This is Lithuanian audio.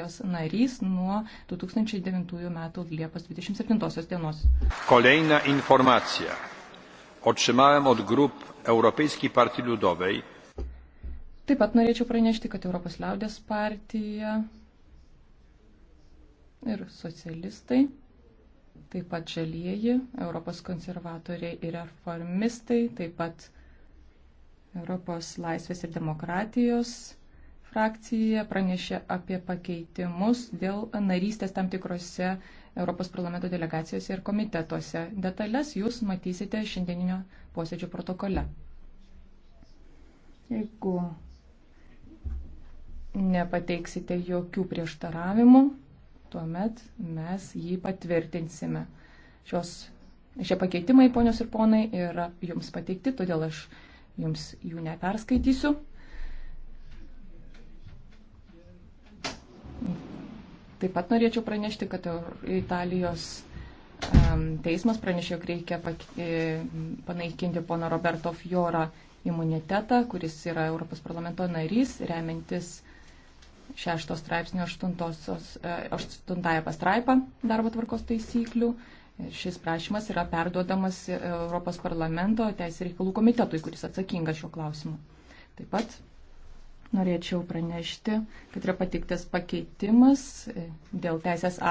jos narys nuo 2009 metų Liepos 27 dienos. Kolejna informacja. Otrzymałem od grup Europejskiej Partii Ludowej. Taip pat norėčiau pranešti, kad Europos liaudės partija ir socialistai, taip pat žalieji, Europos konservatoriai ir reformistai, taip pat Europos laisvės ir demokratijos frakcija pranešė apie pakeitimus dėl narystės tam tikrose Europos parlamento delegacijose ir komitetuose. Detalės jūs matysite šiandieninio posėdžio protokole. Jeigu nepateiksite jokių prieštaravimų, tuomet mes jį patvirtinsime. Šios, šie pakeitimai, ponios ir ponai, yra jums pateikti, todėl aš jums jų neperskaitysiu. Taip pat norėčiau pranešti, kad Italijos teismas pranešė, jog reikia e, panaikinti pono Roberto Fiorą imunitetą, kuris yra Europos parlamento narys, remiantis 6 straipsnio 8, 8 e, pastraipą darbo tvarkos taisyklių. Šis prašymas yra perduodamas Europos parlamento teisė reikalų komitetui, kuris atsakingas šiuo klausimu. Taip pat norėčiau pranešti, kad yra pateiktas pakeitimas e, dėl teisės aktų.